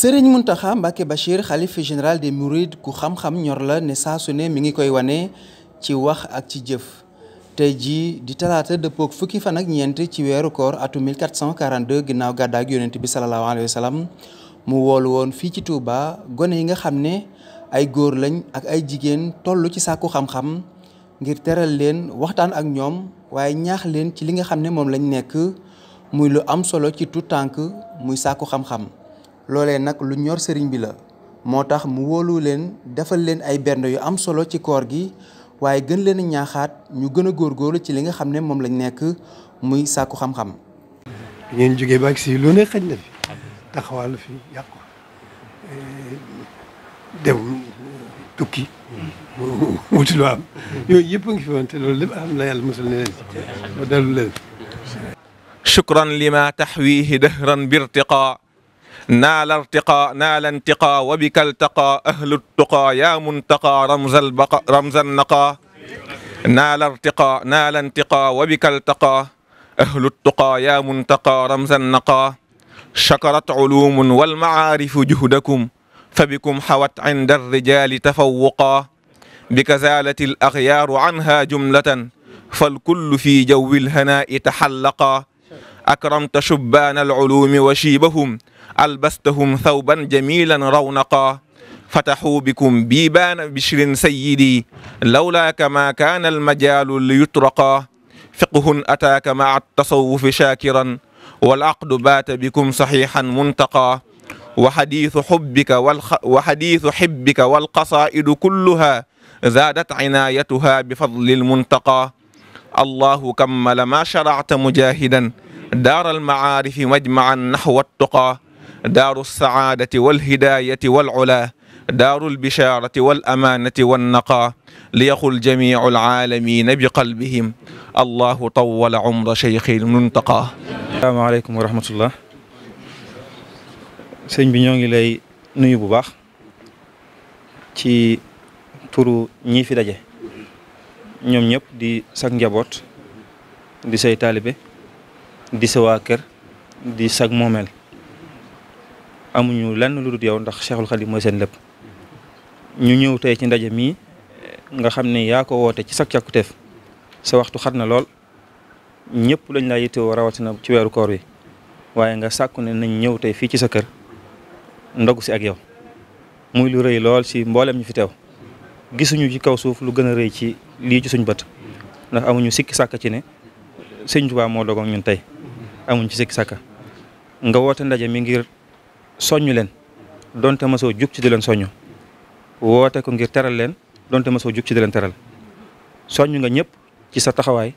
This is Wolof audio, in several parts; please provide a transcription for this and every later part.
sëriñ Mountakha Mbacké Bachir xalif général des Mourides ku xam-xam ñor la ne saa su ne mi ngi koy wane ci wax ak ci jëf te ji di talaata dëppook fukki fan ak ñeent ci weeru koor atu 1442 ginnaaw gàddaa ak yonent bi sallallahu alayhi wa sallam mu wool woon fii ci Touba gone yi nga xam ne ay góor lañ ak ay jigéen toll ci sàkku xam-xam ngir teral leen waxtaan ak ñoom waaye ñaax leen ci li nga xam ne moom lañ nekk muy lu am solo ci tout tànk muy sàkku xam-xam. loole nag lu ñor sëriñ bi la moo tax mu wóolu leen defal leen ay bernde yu am solo ci koor gi waaye gën leen ñaaxaat ñu gën a góorgóorlu ci li nga xam ne moom lañ nekk muy sàkku xam-xam. ngeen jógee ba lu ne xëj na fi fi yàqu eh, dem tukki wuti lu am yooyu yëpp a ngi fi woon loolu lépp am na yàlla mosal ne leen ci dalu leen. shukran naala irtiqa naala intiqa wa bika ltaqa ahlu tuqa ya muntaqa ramzal baqa ramzan naqa naala irtiqa naala intiqa wa bika ltaqa ahlu tuqa ya muntaqa ramzan naqa chakarat culuumun walmacaarifu juhdakum fa bikum xawat cinda arrijaali tafawuqa bika zaalat alaxyaaru canha jumlatan فالكل في جو الهناء تحلقا أكرمت شبان العلوم وشيبهم albastahum thawban jamilan rawnaqa fataxuu bikum biibaana bishrin sayyidi lawlaaka maa kaana almajaalu li yutraqa fiqhun ataaka maa tasawufi shaakiran wal aqdu baata bikum saxiixan muntaqa wa xadiisu xubbika wal wa xadiisu xibbika wal qasaa'idu kulluhaa zaadat cinaayatuhaa bi fadlil muntaqa allahu kammala maa sharacta mujaahidan daaral macaarifi majmacan naxwa ttuqaa daaru sacaadati walhidaayati walculaa daaru lbishaarati walamaanati wannaqaa liyaqul jamiicu alcaalamiina biqalbihim allahu tawala cumra cheykhin muntaqaa asalaamaaleykum wa rahmatullah sëñ bi ñoo ngi lay nuyu bu baax ci turu ñii fi daje ñoom ñëpp di sag njaboot di say taalibe di sa waa kër di sag moomeel amuñu lenn lu dul yow ndax Cheikhul Khadim mooy seen lépp ñu ñëw tey ci ndaje mii nga xam ne yaa ko woote ci sak càkkuteef sa waxtu xat na lool ñëpp lañ laa yittewoo rawatina ci weeru koor wi waaye nga sàkku ne nañ ñëw tey fii ci sa kër ndogu si ak yow muy lu rëy lool si mboolem ñu fi teew gisuñu ci kaw suuf lu gën a rëy ci lii ci suñ bët ndax amuñu sikki sàkk ci sëñ Tuubaa moo dogoon ñun tey amuñ ci sikki sàkk nga woote ndaje mi soññ leen donte ma soo jug ci di leen soññ woote ko ngir teral leen donte ma soo jug ci di leen teral soññ nga ñëpp ci sa taxawaay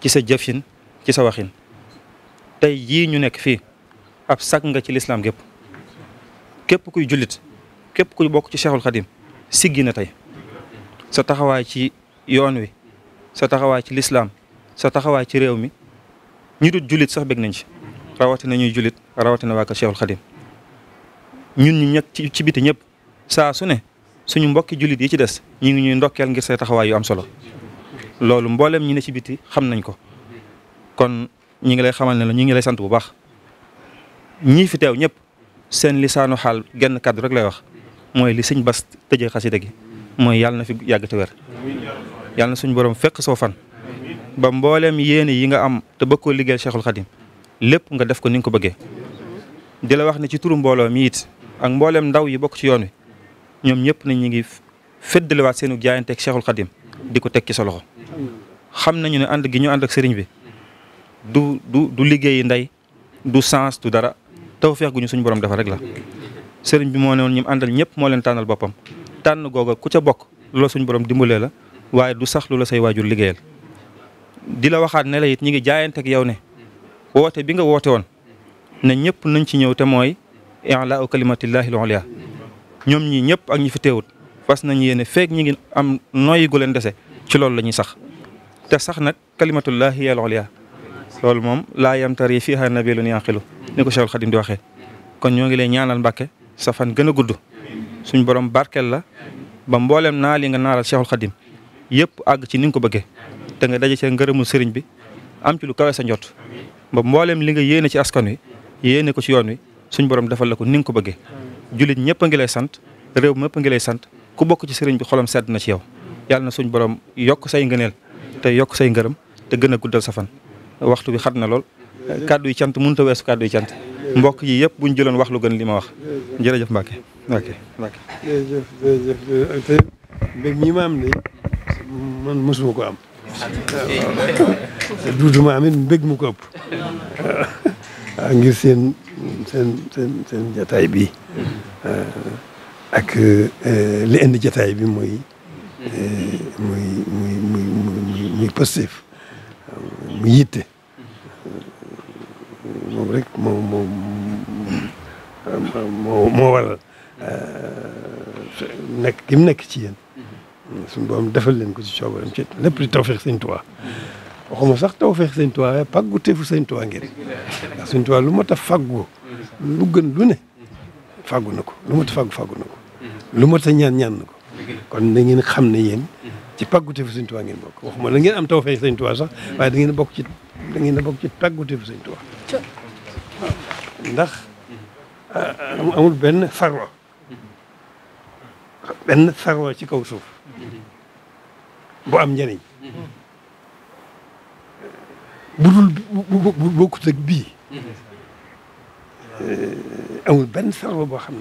ci sa jëfin ci sa waxin tey jii ñu nekk fii ab sag nga ci lislaam gépp képp kuy jullit képp kuy bokk ci Cheikhul Khadim siggi na tey sa taxawaay ci yoon wi sa taxawaay ci lislaam sa taxawaay ci réew mi ñu dul jullit sax bëgg nañ ci rawatina ñuy jullit rawatina waa kër Cheikhul Khadim ñun ñu ñekk ci ci biti ñëpp saa su ne suñu mbokki jullit yi ci des ñu ngi ñuy ndokkeel ngir say taxawaay yu am solo loolu mbooleem ñi ne ci biti xam nañ ko kon ñi ngi lay xamal ne la ñu ngi lay sant bu baax ñii fi teew ñëpp seen lisaanu xaal genn kàddu rek lay wax mooy li sëñ bas tëjee xasida gi mooy yàlla na fi yàgg te wér yàlla suñu borom fekk soo fan ba mbooleem yéene yi nga am te bëgg koo liggéeyal Cheikhul Khadim lépp nga def ko ni nga ko bëggee di la wax ne ci turu mbooloo mi ak mboolem ndaw yi bokk ci yoon wi ñoom ñëpp nañ ñu ngi feddaliwaat seenu jaayanteeg Cheikhul Khadim di ko teg ci sa loxo xam nañu ne ànd gi ñu ànd ak sëriñ bi du du du liggéeyi ndey du sens du dara tawfeex gu ñu suñu borom defar rek la. sëriñ bi moo ne woon ñi àndal ñëpp moo leen tànnal boppam tànn googa ku ca bokk loola suñu borom dimbalee la waaye du sax lu la say waajur liggéeyal di la waxaat ne la it ñi ngi jaayanteeg yow ne woote bi nga woote woon ne ñëpp nañ ci ñëw te mooy i'laa kalimatillahi al-ulya ñoom ñii ñëpp ak ñi fi teewut fas nañ yéene feek ñi ngi am nooyi gu leen dese ci loolu la ñuy sax te sax nag kalimatullahi al-ulya loolu moom laa yamtari fiihaa nabiyyun yaqilu ni ko Cheikh Khadim di waxee kon ñoo ngi lay ñaanal Mbàkke sa fan gën a gudd suñ borom barkeel la ba mboolem naa li nga naaral Cheikhul Khadim yëpp àgg ci ni nga ko bëggee te nga daje ci ngërëmu sëriñ bi am ci lu kawe sa njot ba mboolem li nga yéene ci askan wi yéene ko ci yoon wi suñ borom defal la ko ni ko bëggee jullit ñëpp a ngi lay sant réew mépp a ngi lay sant ku bokk ci sëriñ bi xolam sedd na ci yow yàlla na suñ borom yokk say ngëneel te yokk say ngërëm te gën a guddal sa waxtu bi xat na lool kàddu yi cant mënut a weesu kàddu yi cant mbokk yi yëpp buñ jëloon wax lu gën li ma wax jërëjëf Mbacke Mbacke Mbacke jërëjëf jërëjëf te mbég mii ma am ne man mosuma ko am mu ko ëpp ngir seen seen seen seen jataay bi eh, ak eh, li indi jataay bi muy eh, muy muy muy muy muy positif mu yitte moom rek moo moo moo moo waral nekk gi mu nekk ci yéen suñu borom defal leen ko ci coobaram ci lépp di tawfeex Sëñ Tuubaa waxuma sax tawfeex sëñ Tuubaa waaye pàggu teefu sëñ Tuubaa ngeen ndax sëñ Tuubaa lu mot a fàggu lu gën lu ne fàggu na ko lu mot a fàggu fàggu na ko lu mot a ñaan ñaan na ko kon da ngeen xam ne yéen ci pàggu teefu sëñ Tuubaa ngeen bokk waxuma la ngeen am tawfeex sëñ Tuubaa sax waaye da ngeen bokk ci da ngeen bokk ci pàggu teefu sëñ Tuubaa ndax ah, ah, amul benn farwa benn farwa ci kaw suuf bu am njëriñ bu dul bu bokkut bii mm-hmm. amul benn sarwa boo xam ne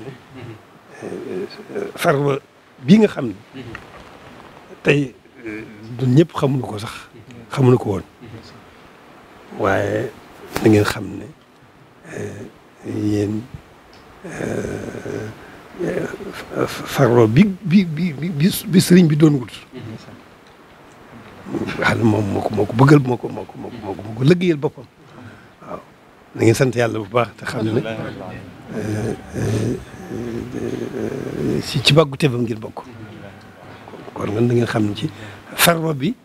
sarwa mm-hmm. bii nga xam ne mm-hmm. tey du ñëpp xamuñu ko sax xamuñu ko woon waaye da ngeen xam ne yéen farro bi bi bi bi bi sëriñ bi doon wut nga moom mooko ko moo ko bëggal moo ko moo ko moo ko moo ko moo ko na ngeen sant yàlla bu baax te xam ne eh, eh, eh, si ci bàggu tefam ngir bokk kon nga da ngeen xam ne ci farma bi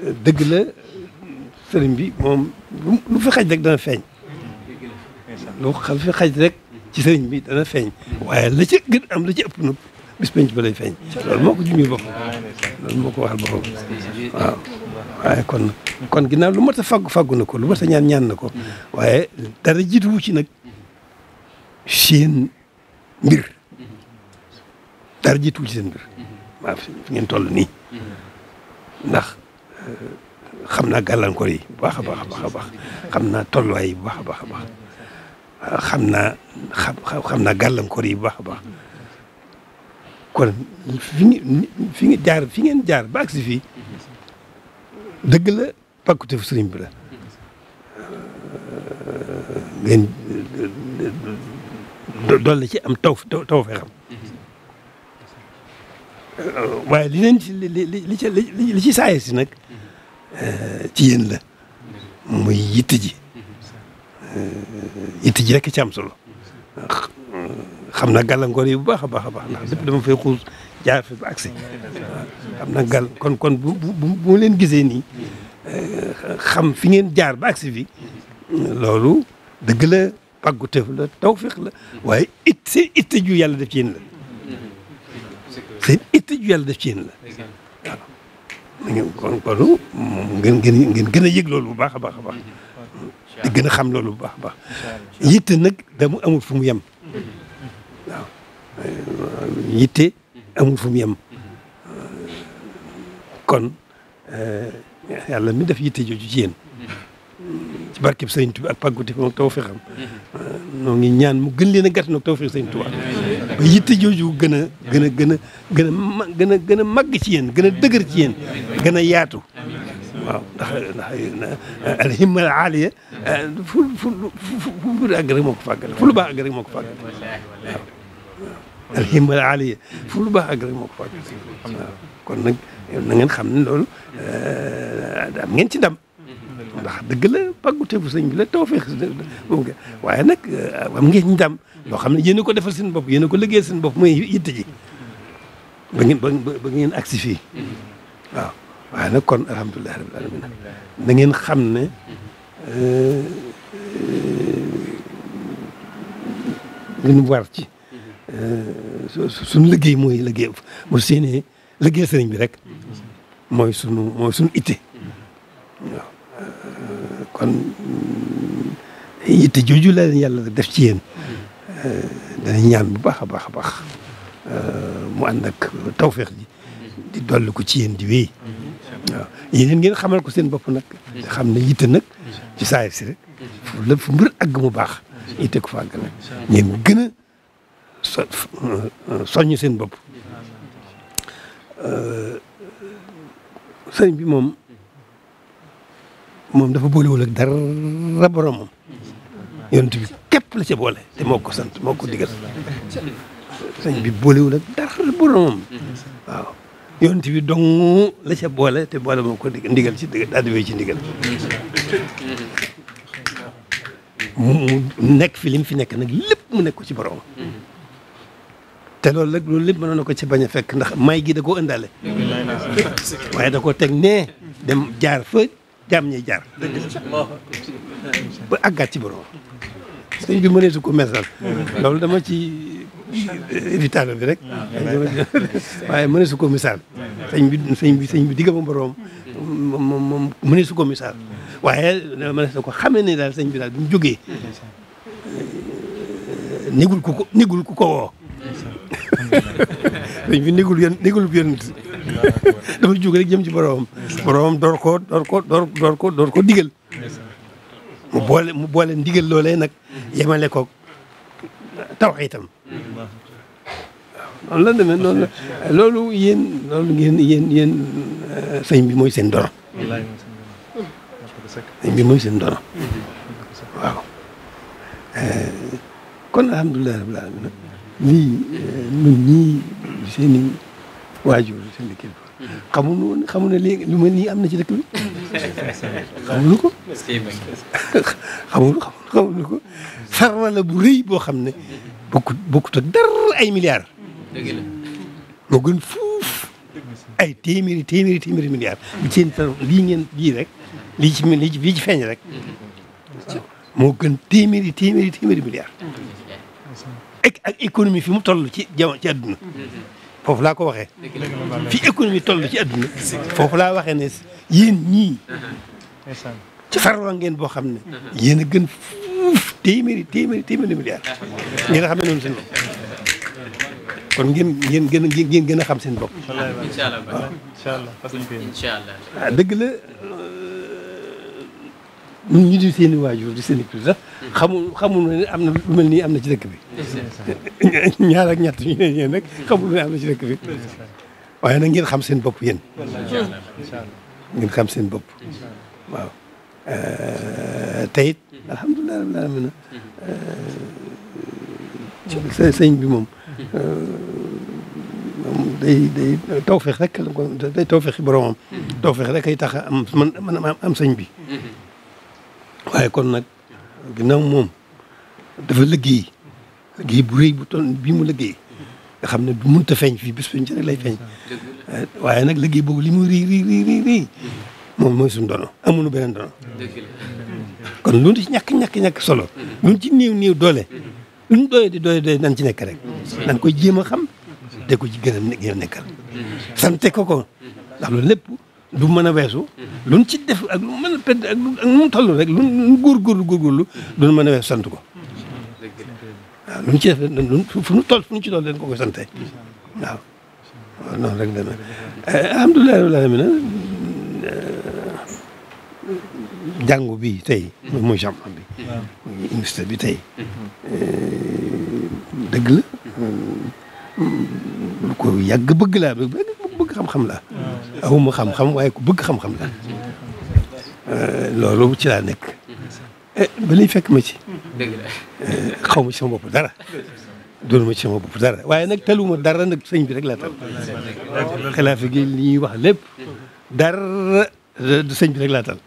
dëgg la sëriñ bi moom lu fi xaj rek dana feeñ lu fi xaj rek ci sëriñ bi dana feeñ waaye la ci gën am la ci ëpp nag bis penc ba feeñ loolu moo ko junñu boppam loolu moo ko waxal boppam waaw waaye kon kon ginnaaw lu mat a faggu faggu na ko lu mat a ñaan ñaan na ko waaye dara jiituwu ci nag seen mbir dara jiituwu ci mbir waaw fi ngeen toll nii ndax euh, xam naa gàllankoor yi bu baax a baax a baax a baax xam naa tolluwaay yi baax a baax a baax xam naa xam xam naa gàllankoor yi bu baax a baax kon fi ñu fi jaar fi ngeen jaar ba fi fii dëgg la pàkkuteefu sëriñ bi la ci am taw taw fee xam waaye li leen ci li li ci saaye si nag ci yéen la muy yitt ji yitt ji rek ci am solo xam na gàllankoor yi bu baax a baax a baax ndax lépp dama fay xuus jaar fi ba xam na gàll kon kon bu bu bu leen gisee nii eh, xam fi ngeen jaar ba agsi fi loolu dëgg la pàggu tëf la tawfiq la waaye it seen itte ju yàlla def ci yéen la seen itte ju yàlla def ci yéen la kon kon ngeen ngeen gën a yëg loolu bu baax a baax a baax a xam loolu bu baax a baax yitte nag dama amul fu mu yem yitte amul fu yem kon yàlla mi def yitte jooju ci yéen ci barkeb Sëriñ Tuubaa ak pàggute moom tawfeexam noo ngi ñaan mu gën leen a gàtt nag tawfeex Sëriñ ba yitte jooju gën a gën a gën a gën a gën gën a màgg ci yéen gën a dëgër ci yéen gën a yaatu waaw ndax ndax alhimma al aaliya fu fu fu fu àgg rek moo ko fàggale fu lu baax àgg alhimma aliya fu lu baax ak rek moo ko fàgg waaw kon nag na ngeen xam ne loolu euh, am ngeen ci ndam ndax dëgg la pàgguteefu sëñ bi la tawfeex moom nga waaye nag euh, am ngeen ci ndam loo xam ne yéen ko defal seen bopp yéen ko liggéeyal seen bopp mooy yitte ji ba ngeen ba ngeen agsi fii waaw waaye nag kon alhamdulilahi rabbil alamin na ngeen xam ne ngeen euh, war ci Euh, suñu liggéey mooy liggéey bu séenee liggéey sëriñ bi rek mooy sunu mooy sunu itte waaw euh, kon mm, itte jooju la leen yàlla def ci yéen euh, danañ ñaan bu baax a baax a baax mu ànd ak tawféex ji di dolli ko ci yéen di wéy waaw yéen ngeen xamal ko seen bopp nag te xam ne itte nag ci si rek fu lépp mbir àgg mu baax itte ko fa àgg nag ngeen gën a soññ eh, eh, seen bopp eh, sëriñ bi moom moom dafa boolewul ak dara boromam yonent bi képp la ca boole te moo sant moo ko digal sëriñ bi boolewul ak boromam waaw yonent bi dong la ca boole te boole moo ko ndigal ci digal mu nekk fi li mu fi nekk nag lépp mu nekk ko ci borom te loolu rek loolu lépp mënoon na ko ci bañ a fekk ndax may gi da koo ëndaale. waaye da koo teg nee dem jaar fa jaam ñuy jaar. ba àggaat ci borom. sëñ bi mëneesu ko mesal. loolu dama ci éditeur bi rek. waaye mëneesu ko misaal. sëñ bi sëñ bi sëñ bi digg ba ko misaal. waaye mëneesu ko xamee ne daal sëñ bi daal bi mu jógee. négul ku ku ko woo. dañ fi négul yéen négul yonent dafa jóg rek jëm ci boromam boromam door ko door ko door mu boole mu loole nag yemale ko tawxiitam waaw noonu la demee noonu loolu yéen loolu ngeen yéen yéen euh, sëñ bi mooy seen dono sëñ seen dono waaw euh, kon alhamdulilah rabbil alamin lii euh, ñun ñii seen i waajur seen i kilifa xamuñu woon xamuñu ne léegi lu mel nii am na ci dëkk bi xamuñu ko xamuñu xamuñu ko sarwa la bu rëy boo xam ne bokkut bokkut ak dara ay milliards dëgg la moo gën fuuf ay téeméeri téeméeri téeméeri milliards bi seen tar lii ngeen lii rek lii ci lii ci feeñ rek mm-hmm. moo gën téeméeri téeméeri téeméeri milliards ak ak économie fi mu toll ci jamono ci àdduna. foofu laa ko waxee. fi économie toll ci àdduna. foofu laa waxee ne yéen ñii. ci farwa ngeen boo xam ne. yéen a gën fuuf téeméeri téeméeri téeméeri milliards. ñi nga xam ne noonu seen bopp kon ngeen ngeen gën a ngeen gën a xam seen bopp. incha allah incha allah waaw. incha allah dëgg la. ñun ñu di seen waajur di seen i kilifa xamul xamul ne am na lu mel nii am na ci dëkk bi. ñaar ak ñett ñu ne ñeen rek xamul ne am na ci dëkk bi. waaye nag ngeen xam seen bopp yéen. xam seen bopp. waaw eh, eh, sëñ bi moom. Eh, day day tawfeex rek la ko day tawfeex boromam. tawfeex rek ay tax am man am sëñ bi. waaye kon nag ginnaaw moom dafa liggéey liggéey bu rëy bu toll bii mu liggéey nga xam ne du mënta feeñ fii bés buñ ci lay feeñ eh, waaye nag liggéey boobu li mu rii rii rii rii rii moom mooy suñu dono amuñu beneen dono kon lu ci ñàkk ñàkk solo lu ci néew néew doole lu ñu di doole doole nan ci nekk rek nan koy jéem a xam de ko ci gën na gën a nekkal sante ko ko ndax du mën a weesu luñ ci def ak lu mën a pedd ak lu mu toll rek luñ góorgóorlu góorgóorlu duñ mën a weesu sant ko waaw luñ ci def luñ fu ñu toll fu ñu ci toll leen ko koy sante waaw waaw noonu rek dana eh, alhamdulilah rabbil alamin eh, jàngu bi tey muy xam-xam bi université bi tey eh, dëgg la hmm, ko yàgg bëgg laa bëgg xam-xam laa awuma xam-xam waaye ku bëgg xam-xam euh, loolu ci laa nekk eh, ba lay fekk ma ci euh, xaw ma ci sama bopp dara doonu ma ci dara waaye nag taluma dara nag sëñ bi rek laa li wax lépp dara du sëñ bi laa tal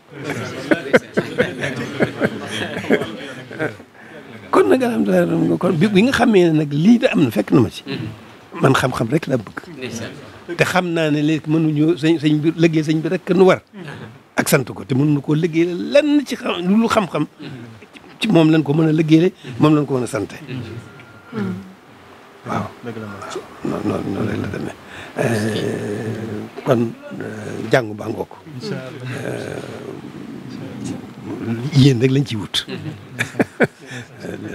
kon nag alhamdulilah kon bi nga xam ne nag lii da am na fekk na ma ci mm-hmm. man xam-xam rek laa bëgg te xam naa ne léegi mënuñu sëñ sëñ bi liggéey sëñ bi rek nu war sant ko te mënuñu koo liggéey lenn ci xam lu xam-xam moom lañ ko mën a liggéeyee moom lañ ko mën a sant waaw dëgg la moom noonu noonu rek la demee kon jàngu baa ngoog yéen rek lañ ciy wut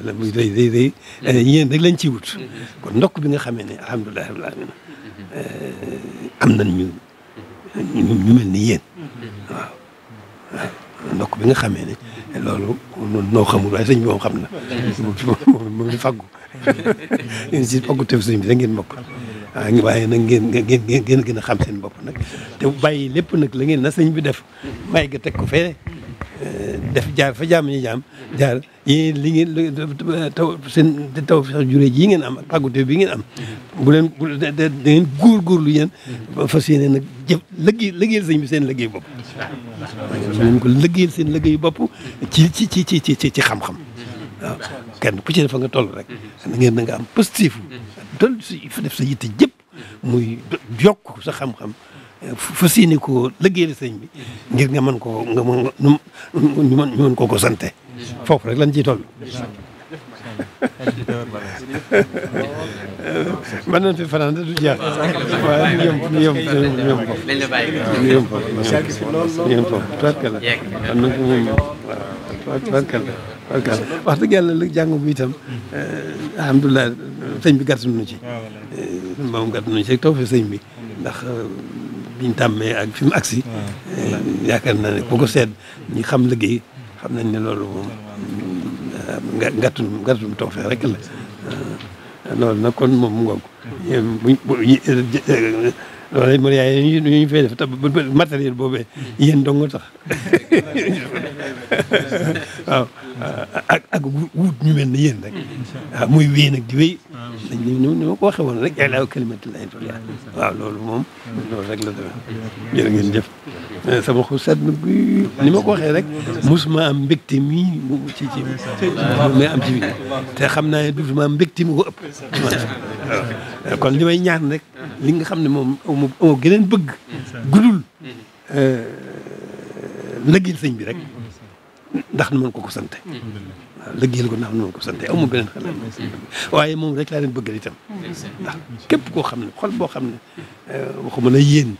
la muy rëy rëy lañ ciy wut kon ndokk bi nga xamee ne alhamdulilah rabbil alamin Euh, am nañ ñu ñu mel ni yéen waaw bi nga xamee ne loolu noo xamul waaye sëñ bi moom xam na moom ngi mo yéen si faggu tef sëñ bi da ngeen bokk waaw waaye nag ngeen ngeen ngeen gën a xam seen bopp nag te bàyyi lépp nag la ngeen na sëñ bi def bàyyi nga teg ko fee def jaar fa jaam ñi jaam jaar yéen li ngeen taw seen taw fex jure ji ngeen am ak pàggute bi ngeen am mm-hmm. bu leen da ngeen góorgóorlu yéen fas yéene nag jëf liggéey liggéeyal sëñ bi seen liggéey bopp leen mm-hmm. ko liggéeyal seen liggéey bopp ci ci ci ci ci ci xam-xam mm-hmm. waaw kenn ku ci fa nga toll rek na ngeen na nga am positif dol si def sa yitte jëpp muy yokk sa xam-xam fas yéene koo liggéeyal sëñ bi ngir nga mën koo nga mën ñu mën ñu mën koo ko sante foofu rek lañ ciy toll mën nañ fi fanaan du jeex waaye ñu yem ñu yem ñu yem foofu ñu yem foofu ñu yem foofu tubarkalla am na ko moom waaw tubarkalla tubarkalla wax dëgg yàlla li jàng bu itam eh, alhamdulilah sëñ bi gàtt nañu ci ah, eh, moom gàtt nañu ci rek taw fi sëñ bi ndax biñ tàmmee ak fi mu si hmm. yaakaar naa ne ku ko seet ñi xam liggéey xam nañ ne loolu moom gàttu gàttum tawfeex rek la hmm. Hmm. loolu na kon moom mu ngoog buñ loolu it man yaay yéen ñu fay def matériel boobee yéen dong tax waaw ak ak wut ñu mel ne yéen rek muy wéy nag di wéy dañ ni ma ko waxee woon rek yàlla kalimatullahi waaw loolu moom loolu rek la demee jërë ngeen jëf sama xol sedd na guy ni ma ko waxee rek mosuma am mbégte mi ci ci mais am ci te xam naa ne dutuma am mbégte mi ko ëpp kon li may ñaan rek li nga xam ne moom moo gëneen bëgg gudul euh, lëggil sëñ bi rek ndax nu mën ko ko sante waaw lëggil ko ndax nu mën ko sante amu beneen xalaat waaye moom rek laa leen bëggal itam ndax képp koo xam ne xol boo xam ne euh, waxuma la yéen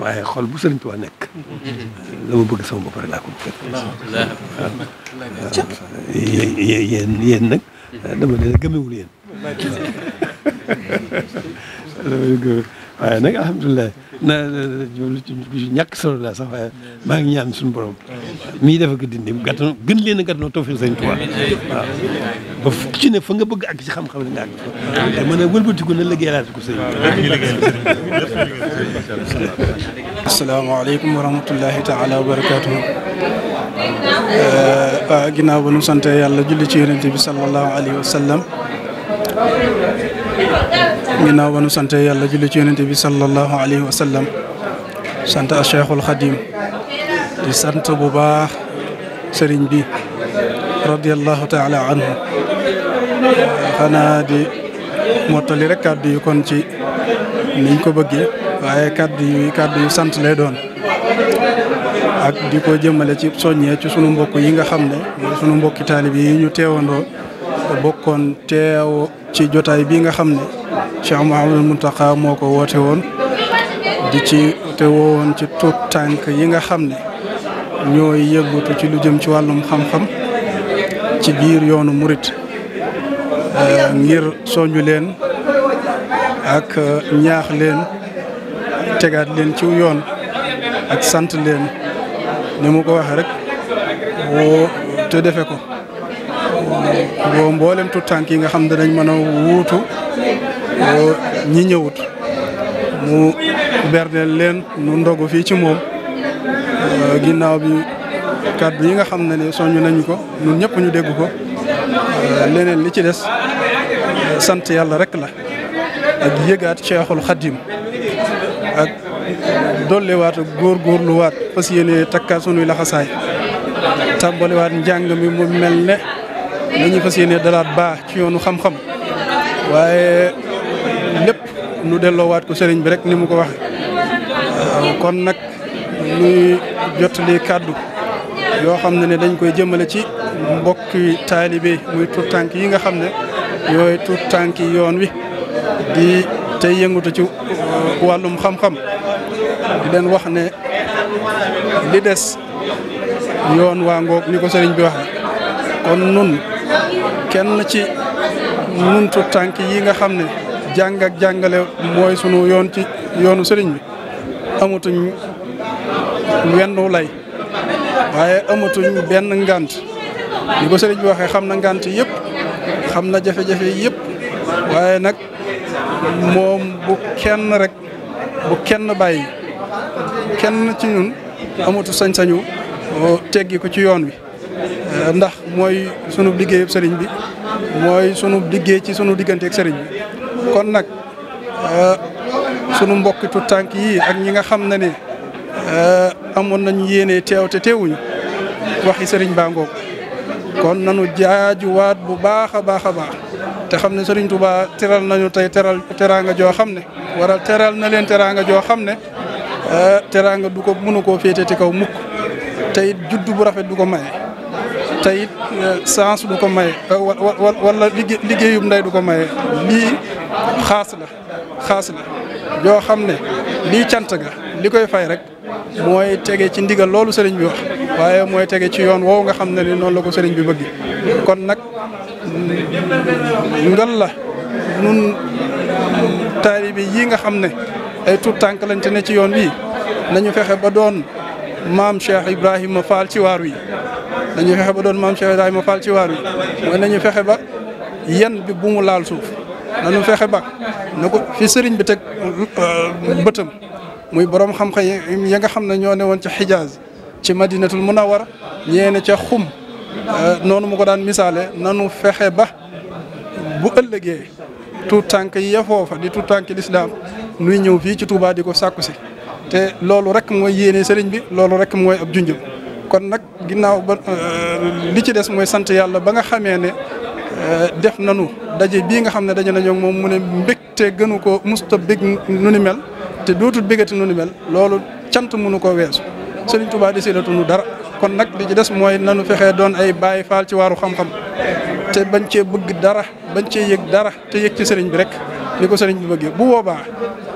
waaye xol bu Sëriñ Tuubaa nekk. la ma bëgg sama bopp rek laa ko bëgg. waaw yéen yéen nag. dama leen gëmewul yéen. waaye nag alhamdulilah. na ñàkk solo la sax waaye maa ngi ñaan suñu borom mii dafa ko dindi gàttanu gën leen a gàttanoo tawfiq sëñ ba ci fa nga bëgg ak ci xam-xam la nga àgg te mën a wëlbatiku na liggéeyalaat ko sëñ asalaamaaleykum wa rahmatullahi taala wa ginnaaw ba nu sante yàlla julli ci yonente bi sallallahu alayhi wa sallam ginnaaw ba nu sant yàlla julli ci yonente bi sallallahu alayhi wa sallam sant a cheikhul xadim di sant bu baax sëriñ bi radiallahu taala anhu xanaa di mottali rek kàddu yu kon ci niñ ko bëggee waaye kàddu yu kàddu yu sant lay doon ak di ko jëmale ci soññee ci sunu mbokk yi nga xam ne mooy sunu mbokki taalib yi ñu teewandoo bokkoon teew ci jotaay bii nga xam ne Cheikh Mouhamadul Mountakha moo ko woote woon di ci te woowoon ci tuut tànk yi nga xam ne ñoo yëngatu ci lu jëm ci wàllum xam-xam ci biir yoonu murit euh, ngir soñu leen ak euh, ñaax leen tegaat leen ci yoon ak sant leen ni mu ko waxee rek woo te defe ko woo mboolem tànk yi nga xam ne danañ mën a wuutu ñi ñëwut mu berneel leen nu ndogu fii ci moom euh, ginnaaw bi kàddu yi nga xam ne ne soññ nañu ko ñun ñëpp ñu dégg ko euh, leneen li ci des euh, sant yàlla rek la ak yëgaat Cheikhul Khadim ak dolliwaat ak góorgóorluwaat fas yéene takkaat sunuy laxasaay tàmbaliwaat njàng mi mu mel ne ngi fas yéene dalaat baax ci yoonu xam-xam waaye lépp nu delloowaat ko sëriñ bi rek ni mu ko waxe kon nag nuy jottali kàddu yoo xam ne ne dañ koy jëmale ci mbokki taalibe muy tuut tànk yi nga xam ne yooyu tuut tànk yoon wi di tey yëngutu ci uh, wàllum xam-xam di leen wax ne li des yoon waa ngoog ni ko sëriñ bi waxe kon nun kenn ci nuntu tànk yi nga xam ne jàng jàngale mooy sunu yoon ci yoonu sëriñ bi amatuñ wennu lay waaye amatuñ benn ngant ni ko sëriñ bi waxee xam na ngant yëpp xam na jafe-jafe yëpp waaye nag moom bu kenn rek bu kenn bàyyi kenn ci ñun amatu sañ-sañu uh, teggi ko ci yoon wi ndax mooy sunu liggéey sëriñ bi mooy sunu liggéey ci sunu digganteek ak sëriñ bi kon nag euh, sunu mbokkitu tu tànk yi ak ñi nga xam ne ne euh, amoon nañ yéene teew te teewuñu waxi sëriñ baa ngoog kon nanu jaajuwaat bu baax a baax a baax te xam ne sëriñ Tuubaa teral nañu tey teral teraanga joo xam ne wala teral na leen teraanga joo xam ne euh, teraanga du ko mënu koo féete ci kaw mukk tey juddu bu rafet du ko maye te it euh, chance du ko maye euh, wala liggéeyub ndey du ko maye lii xaas la xaas la yoo xam ne lii cant ga li koy fay rek mooy tege ci ndigal loolu sëriñ bi wax waaye mooy tege ci yoon woow nga xam ne ni noonu la ko sëriñ bi ba bëgg kon nag mm, ngal la nun taalibe yii nga xam ne ay tuut tànk lañ te ne ci yoon bii nañu fexe ba doon maam Cheikh Ibrahima Fall ci waar wi nañu fexe ba doon maam Cheikh Ibrahima Fall ci waar wi mooy nañu fexe ba yan bi bu mu laal suuf nanu fexe ba na ko fi sëriñ bi teg euh, bëtam muy borom xam-xam ya nga xam ne ñoo ne woon ca Xijaaz ci madinatul a war ne ci xum euh, noonu mu ko daan misaale nanu fexe ba bu ëllëgee tout tànk ya foofa di tout tànk lislaam nuy ñëw fii ci Touba di ko sàkku si te loolu rek mooy yéene sëriñ bi loolu rek mooy ab junjëm kon nag ginnaaw ba euh, li ci des mooy sant yàlla ba nga xamee ne euh, def nanu daje bii nga xam ne daje nañoo moom mu ne mbégte gënu ko musta bég nu mel te dootul bégati nu mel loolu cant munu ko weesu Sëriñ Tuubaa desi latunu dara kon nag li ci des mooy nanu fexe doon ay bàyyi faal ci waaru xam-xam te bañ cee bëgg dara bañ cee yëg dara te yëg ci sëriñ bi rek ni ko sëriñ bi bëggee bu boobaa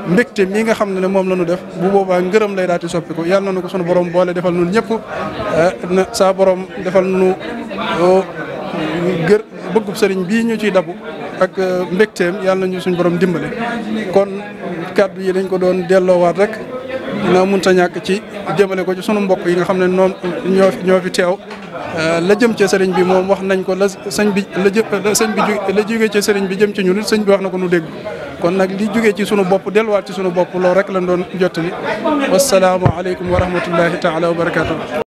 mbégte mi nga xam ne moom la ñu def bu boobaa ngërëm lay daal di soppi ko yàlla na ko sunu borom boole defal nun ñëpp eh, na saa borom defal nu gër bëggub sëriñ bii ñu ciy dabu ak eh, mbégteem yàlla ñu suñu borom dimbale kon kàddu yi dañ ko doon delloowaat rek dina mun ta ñàkk ci jëmale ko ci sunu mbokk yi nga xam ne noonu ñoo ñoo fi teew euh, la jëm ci sëriñ bi moom wax nañ ko la sëñ bi la jë la sëñ bi la jógee ci sëriñ bi jëm ci ñun it sëñ bi wax na ko nu dégg kon nag li jugee ci sunu bopp delluwaat ci sunu bopp loolu rek lañ doon jottali wasalaamu aleykum wa rahmatullahi taala wa barakaatu.